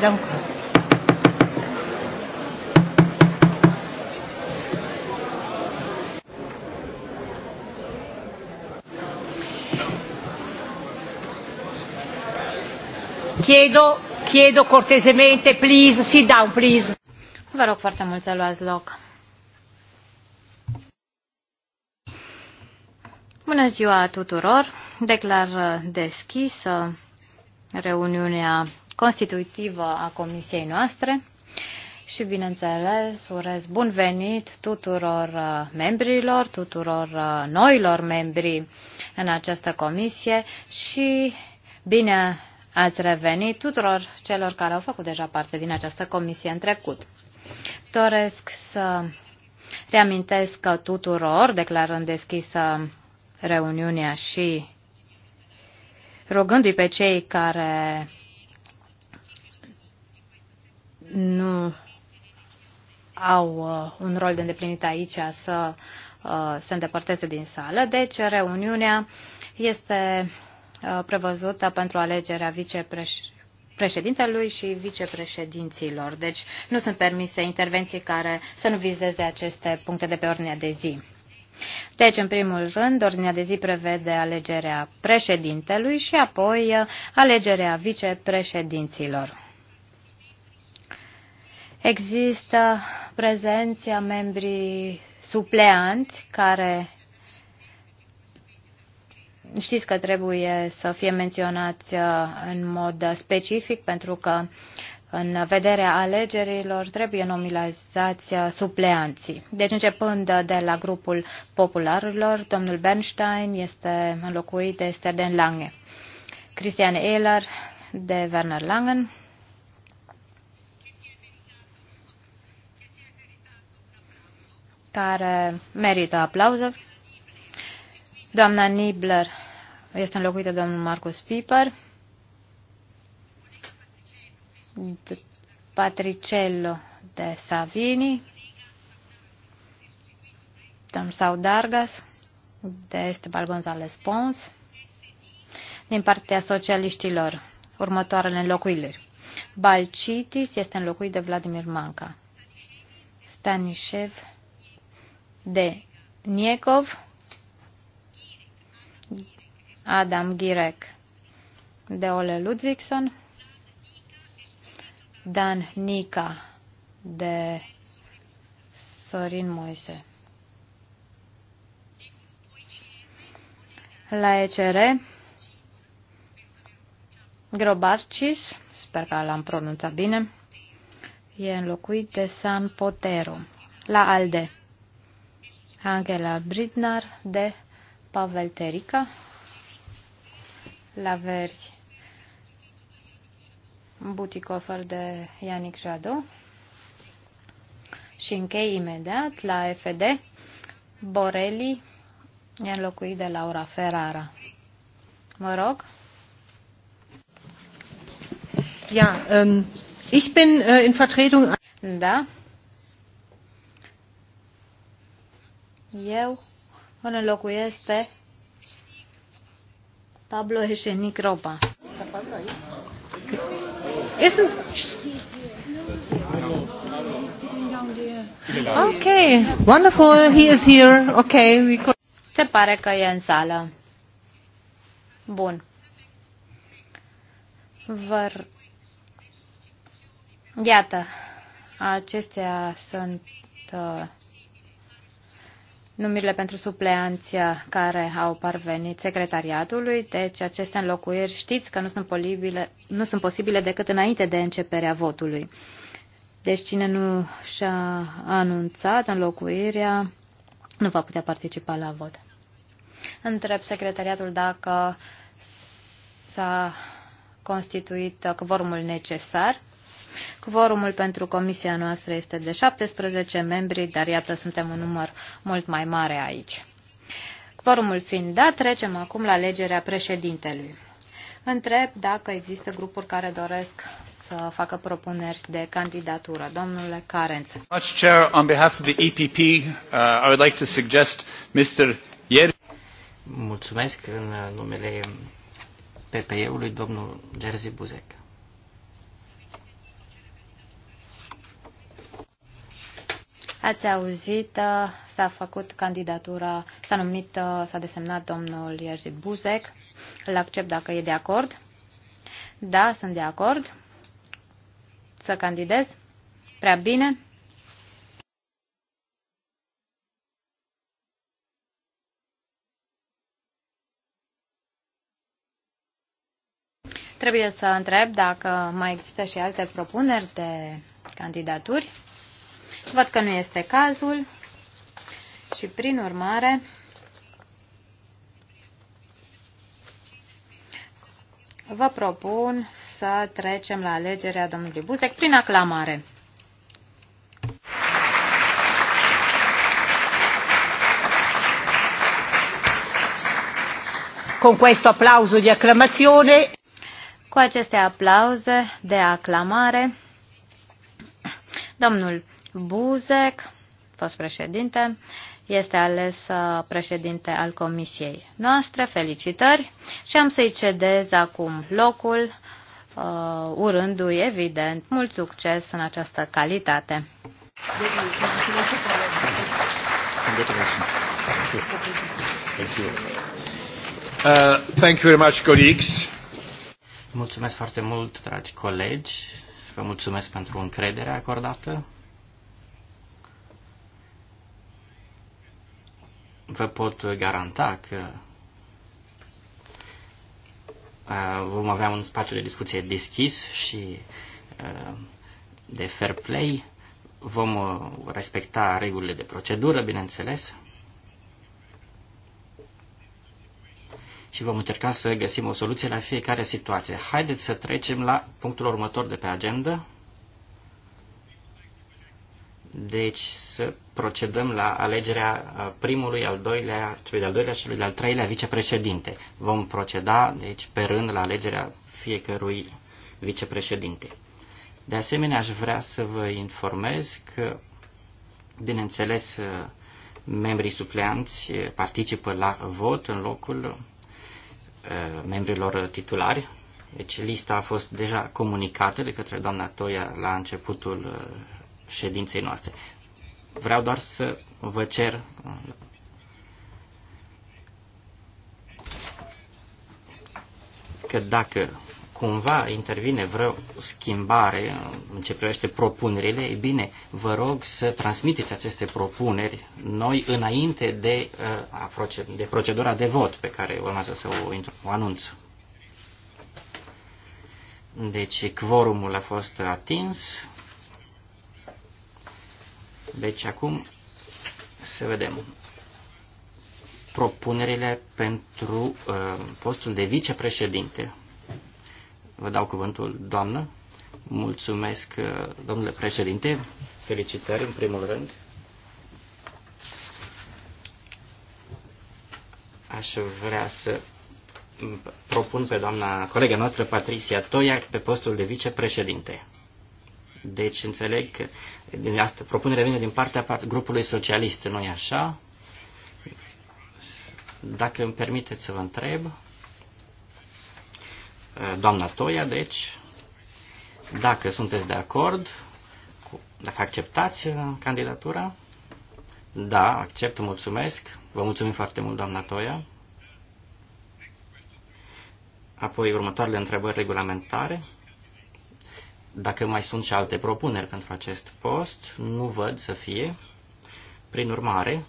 Danke. Chiedo, chiedo cortesemente, please, sit down, please. Vă rog foarte mult să luați loc. Bună ziua tuturor! Declar deschisă reuniunea constitutivă a comisiei noastre și, bineînțeles, urez bun venit tuturor uh, membrilor, tuturor uh, noilor membri în această comisie și bine ați revenit tuturor celor care au făcut deja parte din această comisie în trecut. Doresc să reamintesc tuturor, declarând deschisă reuniunea și rugându-i pe cei care nu au uh, un rol de îndeplinit aici să uh, se îndepărteze din sală. Deci, reuniunea este uh, prevăzută pentru alegerea vicepreședintelui și vicepreședinților. Deci, nu sunt permise intervenții care să nu vizeze aceste puncte de pe ordinea de zi. Deci, în primul rând, ordinea de zi prevede alegerea președintelui și apoi alegerea vicepreședinților. Există prezenția membrii supleanți care știți că trebuie să fie menționați uh, în mod specific pentru că în vederea alegerilor trebuie nominalizați uh, supleanții. Deci începând de la grupul popularilor, domnul Bernstein este înlocuit de Sterden Lange, Christian Ehler de Werner Langen, care merită aplauză. Doamna Nibler este înlocuită de domnul Marcus Piper. Patricello de Savini, domnul Saudargas de Esteban González Pons, din partea socialiștilor, următoarele înlocuiri. Balcitis este înlocuit de Vladimir Manca. Stanishev de Niekov, Adam Girek, de Ole Ludvigson, Dan Nica, de Sorin Moise. La ECR, Grobarcis, sper că l-am pronunțat bine, e înlocuit de San Potero. La ALDE, Angela Bridnar de Pavel Terica la verzi Buticofer de Yannick Jadot și închei imediat la FD Borelli e înlocuit de Laura Ferrara. Mă rog. Ja, ähm, ich bin äh, in Vertretung... Da, eu îl înlocuiesc pe Pablo Eșenic Ropa. Isn't... Okay, wonderful, he is here. Okay, we could... Se pare că e în sală. Bun. Vă... Iată, acestea sunt uh, numirile pentru supleanți care au parvenit secretariatului, deci aceste înlocuiri știți că nu sunt, polibile, nu sunt posibile decât înainte de începerea votului. Deci cine nu și-a anunțat înlocuirea nu va putea participa la vot. Întreb secretariatul dacă s-a constituit cvormul necesar. Cvorumul pentru comisia noastră este de 17 membri, dar iată, suntem un număr mult mai mare aici. Cvorumul fiind dat, trecem acum la alegerea președintelui. Întreb dacă există grupuri care doresc să facă propuneri de candidatură. Domnule Carenț. Uh, Mulțumesc în numele PPE-ului domnul Jerzy Buzek. Ați auzit, uh, s-a făcut candidatura, s-a numit, uh, s-a desemnat domnul Ierzi Buzek. Îl accept dacă e de acord. Da, sunt de acord. Să candidez. Prea bine. Trebuie să întreb dacă mai există și alte propuneri de candidaturi. Văd că nu este cazul și prin urmare vă propun să trecem la alegerea domnului Buzec prin aclamare. Con questo applauso di acclamazione. Cu aceste aplauze de aclamare, domnul Buzek, fost președinte, este ales uh, președinte al comisiei noastre. Felicitări și am să-i cedez acum locul, uh, urându-i, evident, mult succes în această calitate. Uh, mulțumesc foarte mult, dragi colegi. Vă mulțumesc pentru încrederea acordată. vă pot garanta că uh, vom avea un spațiu de discuție deschis și uh, de fair play. Vom uh, respecta regulile de procedură, bineînțeles. Și vom încerca să găsim o soluție la fiecare situație. Haideți să trecem la punctul următor de pe agenda. Deci să procedăm la alegerea uh, primului, al doilea, celui de-al doilea și celui de-al treilea vicepreședinte. Vom proceda, deci, pe rând la alegerea fiecărui vicepreședinte. De asemenea, aș vrea să vă informez că, bineînțeles, uh, membrii supleanți uh, participă la vot în locul membrilor titulari. Deci lista a fost deja comunicată de către doamna Toia la începutul ședinței noastre. Vreau doar să vă cer că dacă cumva intervine vreo schimbare în ce privește propunerile, e bine, vă rog să transmiteți aceste propuneri noi înainte de, uh, de procedura de vot pe care urmează să o, o anunț. Deci, quorumul a fost atins. Deci acum să vedem propunerile pentru uh, postul de vicepreședinte. Vă dau cuvântul, doamnă. Mulțumesc, uh, domnule președinte. Felicitări, în primul rând. Aș vrea să propun pe doamna colega noastră, Patricia Toia, pe postul de vicepreședinte. Deci înțeleg că din asta, propunerea vine din partea grupului socialist, nu-i așa? Dacă îmi permiteți să vă întreb, eh, doamna Toia, deci, dacă sunteți de acord, cu, dacă acceptați eh, candidatura, da, accept, mulțumesc. Vă mulțumim foarte mult, doamna Toia. Apoi următoarele întrebări regulamentare. Dacă mai sunt și alte propuneri pentru acest post, nu văd să fie. Prin urmare,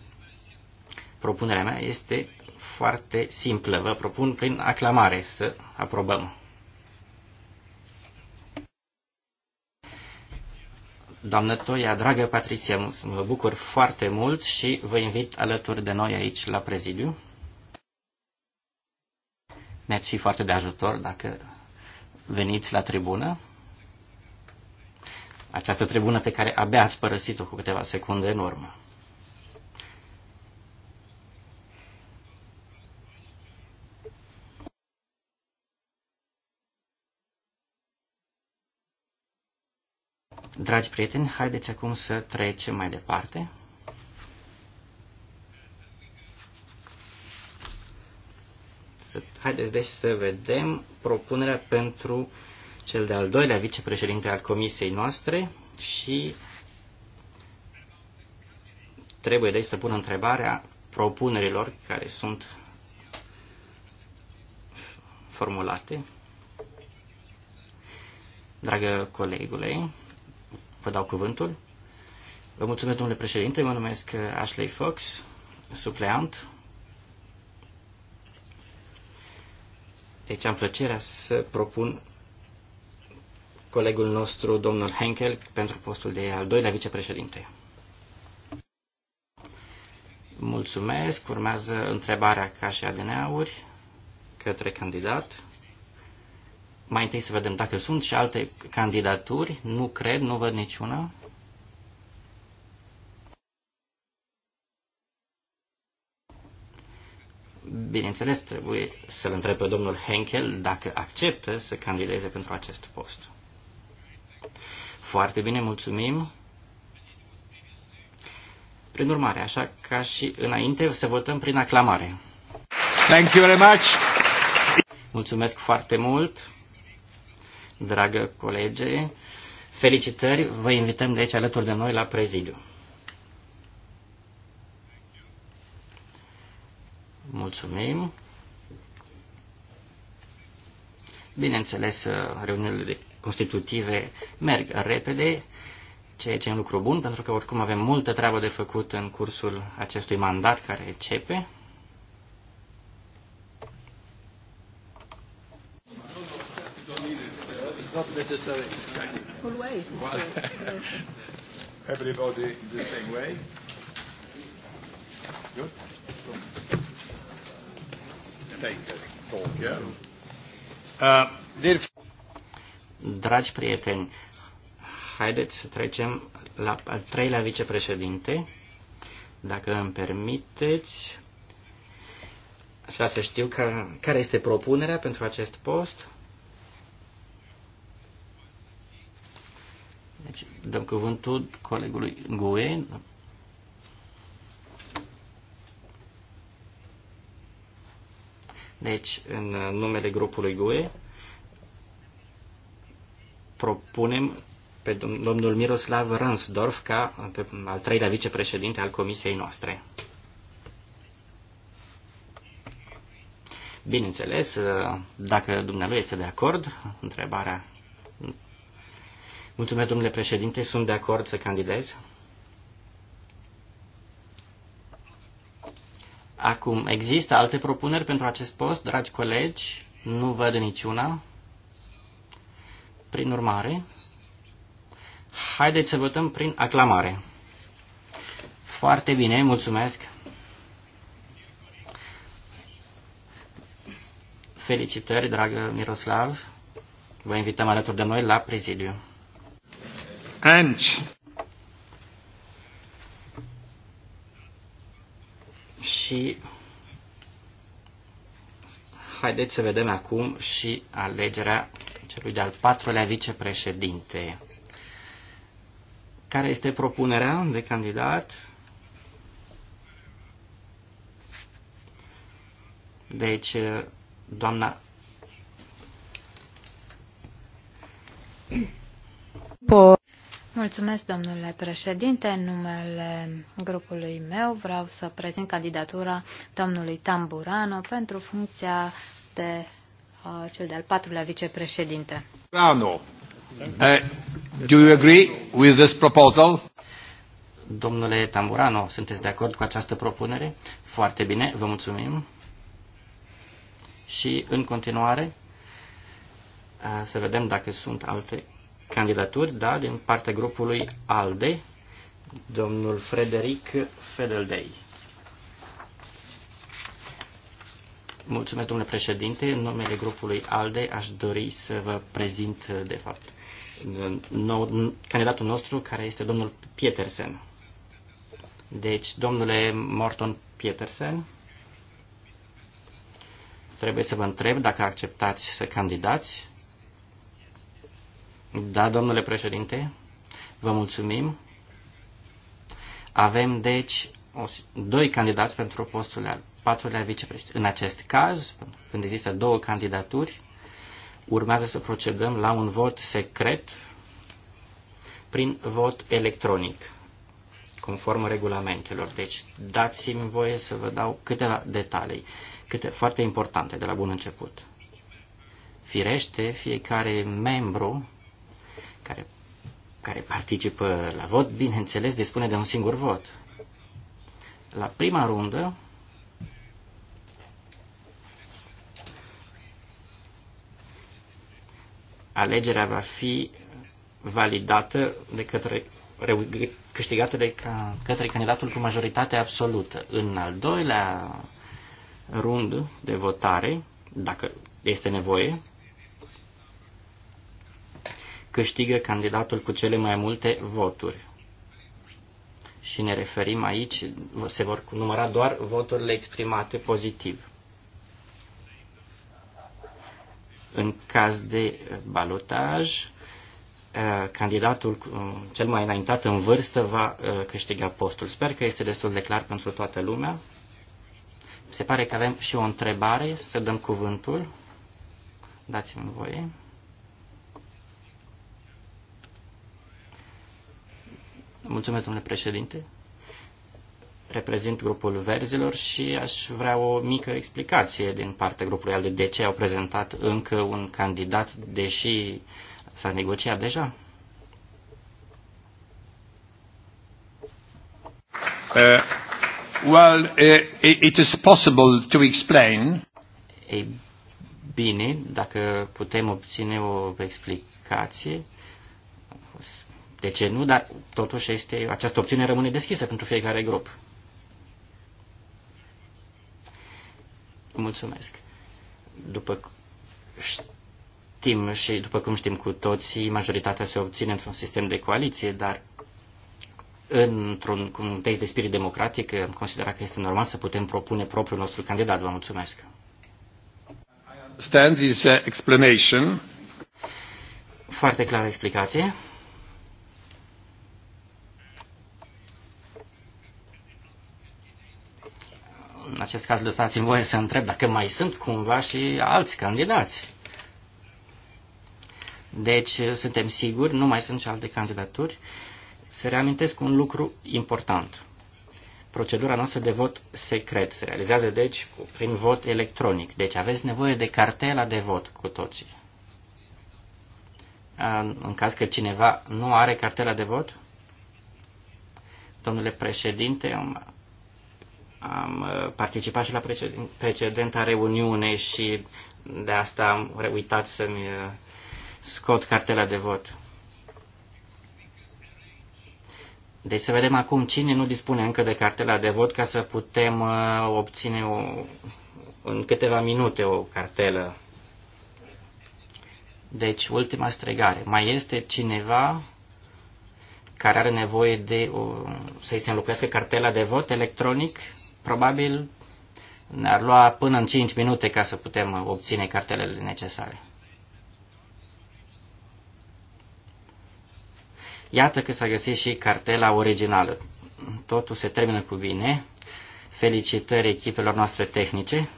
propunerea mea este foarte simplă. Vă propun prin aclamare să aprobăm. Doamnă Toia, dragă Patricia, mă bucur foarte mult și vă invit alături de noi aici la prezidiu. ne ați fi foarte de ajutor dacă veniți la tribună această tribună pe care abia ați părăsit-o cu câteva secunde în urmă. Dragi prieteni, haideți acum să trecem mai departe. Haideți deci să vedem propunerea pentru cel de-al doilea vicepreședinte al comisiei noastre și trebuie deci să pun întrebarea propunerilor care sunt formulate. Dragă colegule, vă dau cuvântul. Vă mulțumesc, domnule președinte, mă numesc Ashley Fox, supleant. Deci am plăcerea să propun colegul nostru, domnul Henkel, pentru postul de al doilea vicepreședinte. Mulțumesc. Urmează întrebarea ca și ADN-uri către candidat. Mai întâi să vedem dacă sunt și alte candidaturi. Nu cred, nu văd niciuna. Bineînțeles, trebuie să-l întreb pe domnul Henkel dacă acceptă să candideze pentru acest post. Foarte bine, mulțumim. Prin urmare, așa ca și înainte, să votăm prin aclamare. Thank you very much. Mulțumesc foarte mult, dragă colege. Felicitări, vă invităm de aici alături de noi la prezidiu. Mulțumim. Bineînțeles, reuniunile de constitutive merg repede, ceea ce e un lucru bun, pentru că oricum avem multă treabă de făcut în cursul acestui mandat care începe. Everybody the same way. Good. Thank you. Uh, Dragi prieteni, haideți să trecem la al treilea vicepreședinte. Dacă îmi permiteți, aș vrea să știu că, care este propunerea pentru acest post. Deci dăm cuvântul colegului Gue. Deci, în numele grupului GUE, propunem pe domnul Miroslav Ransdorf ca pe al treilea vicepreședinte al comisiei noastre. Bineînțeles, ă, dacă dumnealui este de acord, întrebarea. Mulțumesc, domnule președinte, sunt de acord să candidez. Acum, există alte propuneri pentru acest post, dragi colegi? Nu văd niciuna. Prin urmare, haideți să votăm prin aclamare. Foarte bine, mulțumesc. Felicitări, dragă Miroslav. Vă invităm alături de noi la prezidiu. Anci. și haideți să vedem acum și alegerea celui de-al patrulea vicepreședinte. Care este propunerea de candidat? Deci, doamna Mulțumesc, domnule președinte. În numele grupului meu vreau să prezint candidatura domnului Tamburano pentru funcția de cel de-al patrulea vicepreședinte. Bravo. Uh, eh, do you agree with this proposal? Domnule Tamburano, sunteți de acord cu această propunere? Foarte bine, vă mulțumim. Și în continuare, eh, să vedem dacă sunt alte candidaturi, da, din partea grupului ALDE, domnul Frederic Fedeldei. Mulțumesc, domnule președinte. În numele grupului ALDE aș dori să vă prezint, de fapt, nou, candidatul nostru, care este domnul Pietersen. Deci, domnule Morton Pietersen, trebuie să vă întreb dacă acceptați să candidați. Da, domnule președinte, vă mulțumim. Avem, deci, o, doi candidați pentru postul patrulea vicepreședinte. În acest caz, când există două candidaturi, urmează să procedăm la un vot secret prin vot electronic, conform regulamentelor. Deci dați-mi voie să vă dau câteva detalii, câte foarte importante de la bun început. Firește, fiecare membru care, care participă la vot, bineînțeles, dispune de un singur vot. La prima rundă, alegerea va fi validată de către câștigată de ca, către candidatul cu majoritate absolută. În al doilea rund de votare, dacă este nevoie, câștigă candidatul cu cele mai multe voturi. Și ne referim aici, se vor număra doar voturile exprimate pozitiv. În caz de balotaj, uh, candidatul uh, cel mai înaintat în vârstă va uh, câștiga postul. Sper că este destul de clar pentru toată lumea. Se pare că avem și o întrebare, să dăm cuvântul. Dați-mi voie. Mulțumesc, domnule președinte reprezint grupul verzilor și aș vrea o mică explicație din partea grupului al de ce au prezentat încă un candidat, deși s-a negociat deja. Uh, well, uh, it is possible to explain. Ei bine, dacă putem obține o explicație, de ce nu, dar totuși este, această opțiune rămâne deschisă pentru fiecare grup. Mulțumesc. După știm și după cum știm cu toții, majoritatea se obține într-un sistem de coaliție, dar într-un context de spirit democratic, am considerat că este normal să putem propune propriul nostru candidat. Vă mulțumesc. Stands is uh, explanation. Foarte clară explicație. acest caz lăsați-mi voie să întreb dacă mai sunt cumva și alți candidați. Deci suntem siguri, nu mai sunt și alte candidaturi. Să reamintesc un lucru important. Procedura noastră de vot secret se realizează, deci, prin vot electronic. Deci aveți nevoie de cartela de vot cu toții. În caz că cineva nu are cartela de vot, domnule președinte, am uh, participat și la precedenta reuniune și de asta am uitat să-mi uh, scot cartela de vot. Deci să vedem acum cine nu dispune încă de cartela de vot ca să putem uh, obține o, în câteva minute o cartelă. Deci, ultima stregare. Mai este cineva care are nevoie de o, să-i se înlocuiască cartela de vot electronic? Probabil ne-ar lua până în 5 minute ca să putem obține cartelele necesare. Iată că s-a găsit și cartela originală. Totul se termină cu bine. Felicitări echipelor noastre tehnice.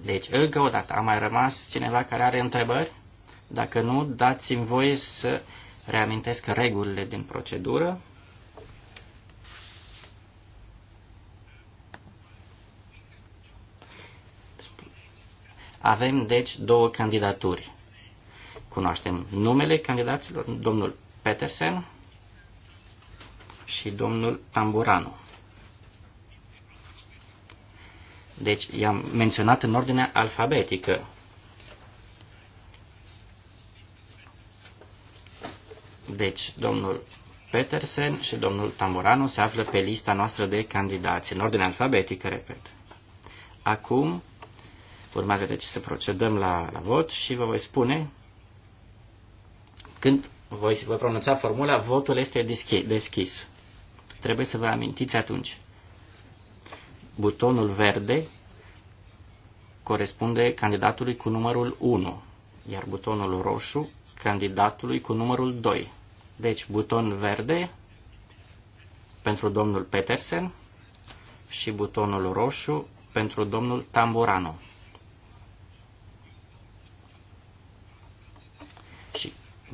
Deci, încă o dată, a mai rămas cineva care are întrebări? Dacă nu, dați-mi voie să reamintesc regulile din procedură. Avem, deci, două candidaturi. Cunoaștem numele candidaților, domnul Petersen și domnul Tamburanu. Deci i-am menționat în ordinea alfabetică. Deci domnul Petersen și domnul Tamburanu se află pe lista noastră de candidați, în ordine alfabetică, repet. Acum Urmează deci să procedăm la, la vot și vă voi spune când voi, voi pronunța formula, votul este deschis, deschis. Trebuie să vă amintiți atunci. Butonul verde corespunde candidatului cu numărul 1, iar butonul roșu candidatului cu numărul 2. Deci buton verde pentru domnul Petersen și butonul roșu pentru domnul Tamburano.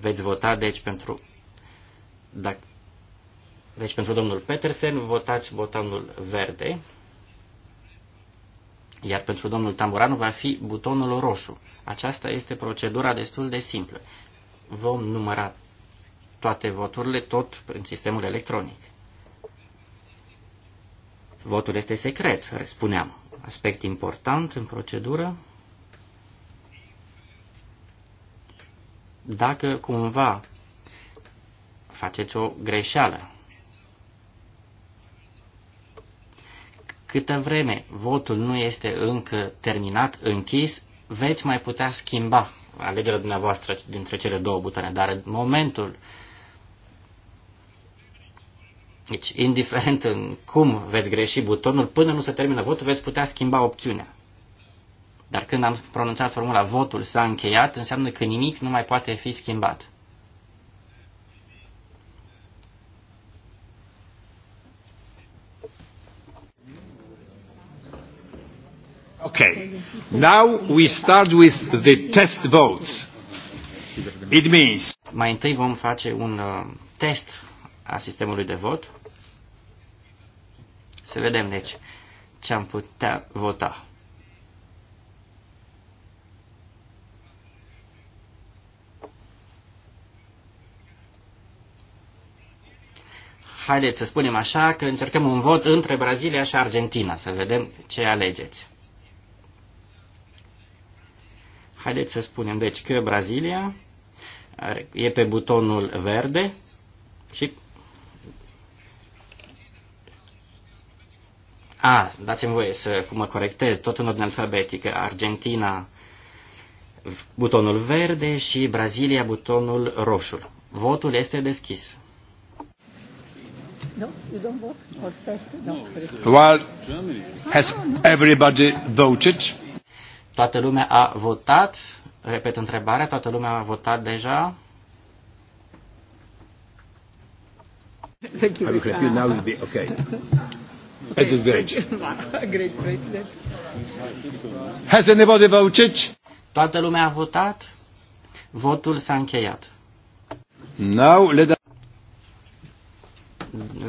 Veți vota, deci, pentru, dacă, deci, pentru domnul Petersen, votați butonul verde, iar pentru domnul Tamburanu va fi butonul roșu. Aceasta este procedura destul de simplă. Vom număra toate voturile, tot prin sistemul electronic. Votul este secret, spuneam. Aspect important în procedură. dacă cumva faceți o greșeală. Câtă vreme votul nu este încă terminat, închis, veți mai putea schimba alegerea dumneavoastră dintre cele două butoane, dar în momentul deci, indiferent în cum veți greși butonul, până nu se termină votul, veți putea schimba opțiunea. Dar când am pronunțat formula votul s-a încheiat, înseamnă că nimic nu mai poate fi schimbat. Okay. Now we start with the test votes. It means mai întâi vom face un uh, test a sistemului de vot. Să vedem, deci, ce am putea vota. haideți să spunem așa, că încercăm un vot între Brazilia și Argentina, să vedem ce alegeți. Haideți să spunem, deci, că Brazilia eh, e pe butonul verde și... A, dați-mi voie să mă corectez, tot în ordine alfabetică, Argentina butonul verde și Brazilia butonul roșu. Votul este deschis. No, Well, has everybody voted? Toată lumea a votat. Repet întrebarea, toată lumea a votat deja. Thank you. Have you now will be okay. It is great. great president. Has anybody voted? Toată lumea a votat. Votul s-a încheiat. Now let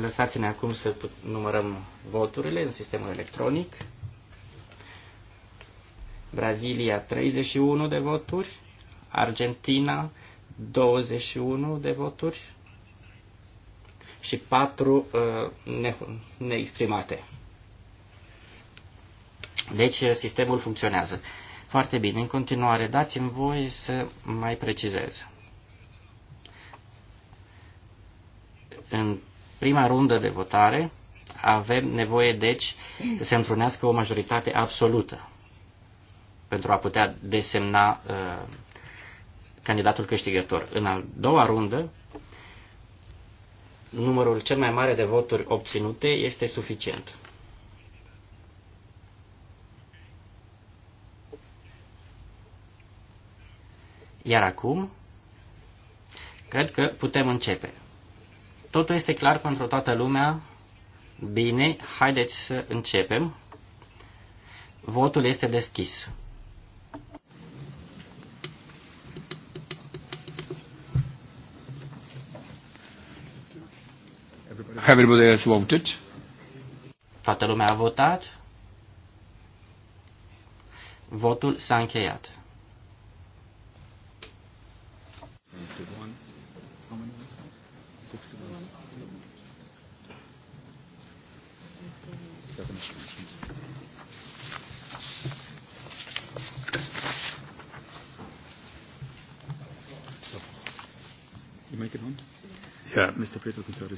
Lăsați-ne acum să numărăm voturile în sistemul electronic. Brazilia 31 de voturi, Argentina 21 de voturi și 4 uh, ne, neexprimate. Deci uh, sistemul funcționează. Foarte bine. În continuare, dați-mi voi să mai precizez. În prima rundă de votare avem nevoie, deci, să se întrunească o majoritate absolută pentru a putea desemna uh, candidatul câștigător. În a doua rundă, numărul cel mai mare de voturi obținute este suficient. Iar acum, cred că putem începe. Totul este clar pentru toată lumea. Bine, haideți să începem. Votul este deschis. Everybody has voted. Toată lumea a votat. Votul s-a încheiat.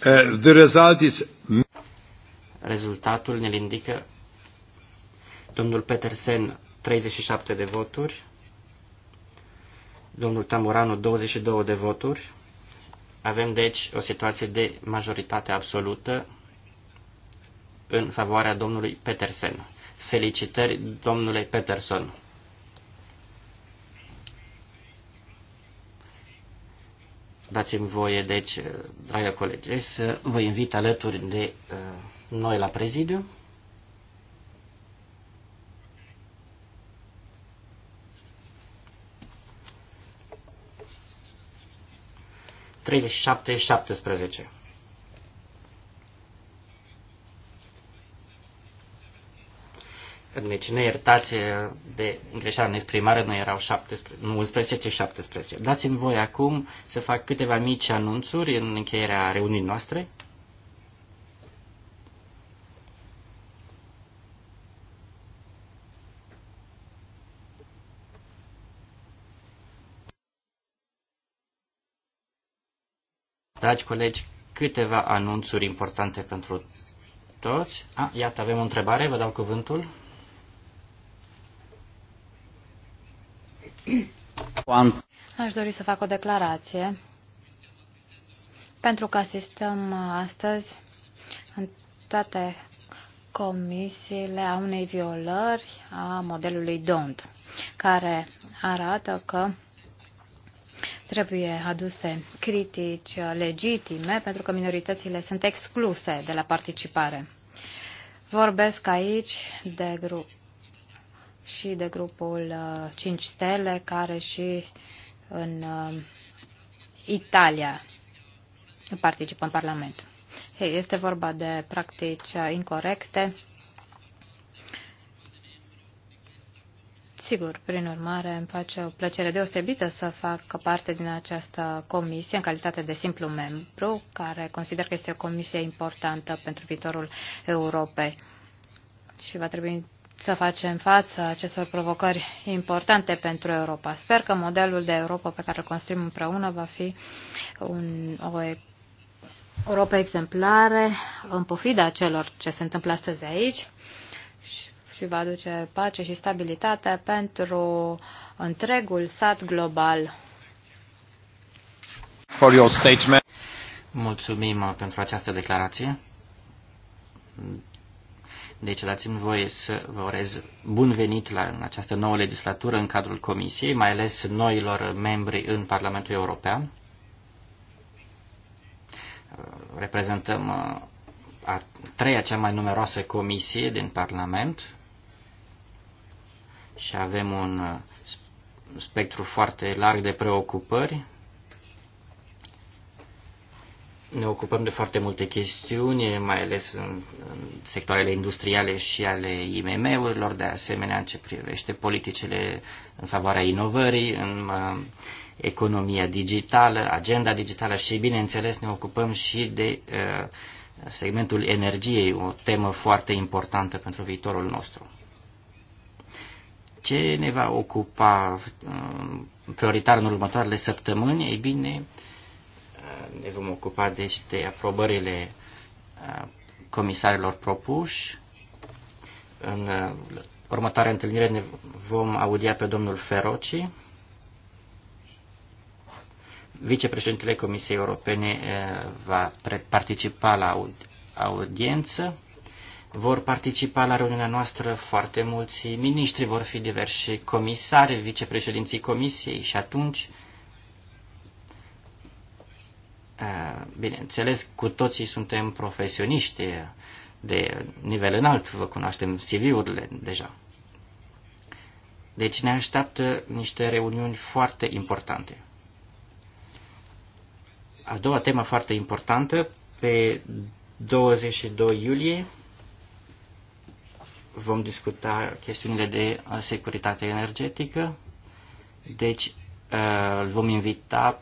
Eh, the result is... Rezultatul ne indică domnul Petersen 37 de voturi, domnul Tamuranu 22 de voturi. Avem deci o situație de majoritate absolută în favoarea domnului Petersen. Felicitări, domnule Peterson. Dați-mi voie, deci, eh, dragă colegi, eh, să vă invit alături de eh, noi la prezidiu. Treizeci și șapte, șaptesprezece. Deci iertați de greșeală în exprimare nu erau 17, nu 11, ci 17. Dați-mi voi acum să fac câteva mici anunțuri în încheierea reunii noastre. Dragi colegi, câteva anunțuri importante pentru toți. A, iată, avem o întrebare, vă dau cuvântul. Aș dori să fac o declarație, pentru că asistăm astăzi în toate comisiile a unei violări a modelului DONT, care arată că trebuie aduse critici legitime pentru că minoritățile sunt excluse de la participare. Vorbesc aici de grup și de grupul 5 uh, stele, care și în uh, Italia participă în Parlament. Hey, este vorba de practici uh, incorrecte. Sigur, prin urmare, îmi face o plăcere deosebită să fac parte din această comisie în calitate de simplu membru, care consider că este o comisie importantă pentru viitorul Europei. Și va trebui să facem față acestor provocări importante pentru Europa. Sper că modelul de Europa pe care îl construim împreună va fi un, o Europa exemplare în pofida celor ce se întâmplă astăzi aici și va aduce pace și stabilitate pentru întregul sat global. For your statement. Mulțumim pentru această declarație deci dați-mi voie să vă urez bun venit la în această nouă legislatură în cadrul Comisiei, mai ales noilor membri în Parlamentul European. Reprezentăm uh, a treia cea mai numeroasă comisie din Parlament și avem un uh, spectru foarte larg de preocupări ne ocupăm de foarte multe chestiuni, mai ales în, în sectoarele industriale și ale IMM-urilor, de asemenea în ce privește politicile în favoarea inovării, în uh, economia digitală, agenda digitală și, bineînțeles, ne ocupăm și de uh, segmentul energiei, o temă foarte importantă pentru viitorul nostru. Ce ne va ocupa uh, prioritar în următoarele săptămâni? Ei bine, uh, ne vom ocupa deci de aprobările comisarilor propuși. În următoarea întâlnire ne vom audia pe domnul Feroci, vicepreședintele Comisiei Europene va participa la audiență. Vor participa la reuniunea noastră foarte mulți miniștri, vor fi diversi comisari, vicepreședinții Comisiei și atunci Bineînțeles, cu toții suntem profesioniști de nivel înalt, vă cunoaștem CV-urile deja. Deci ne așteaptă niște reuniuni foarte importante. A doua temă foarte importantă, pe 22 iulie vom discuta chestiunile de securitate energetică. Deci îl vom invita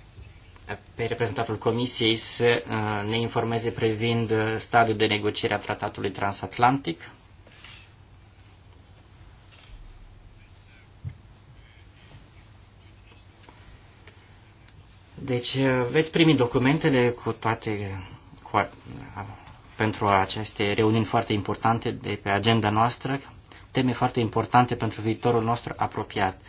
pe reprezentantul Comisiei să uh, ne informeze privind uh, stadiul de negociere a tratatului transatlantic. Deci uh, veți primi documentele cu toate cu a, pentru aceste reuniuni foarte importante de pe agenda noastră, teme foarte importante pentru viitorul nostru apropiat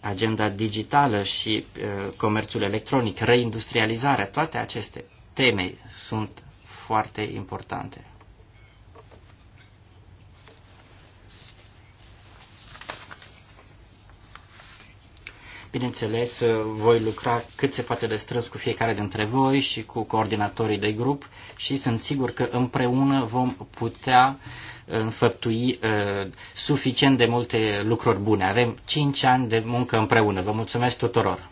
agenda digitală și uh, comerțul electronic, reindustrializarea, toate aceste teme sunt foarte importante. Bineînțeles, uh, voi lucra cât se poate de strâns cu fiecare dintre voi și cu coordonatorii de grup și sunt sigur că împreună vom putea înfăptui uh, suficient de multe lucruri bune. Avem 5 ani de muncă împreună. Vă mulțumesc tuturor!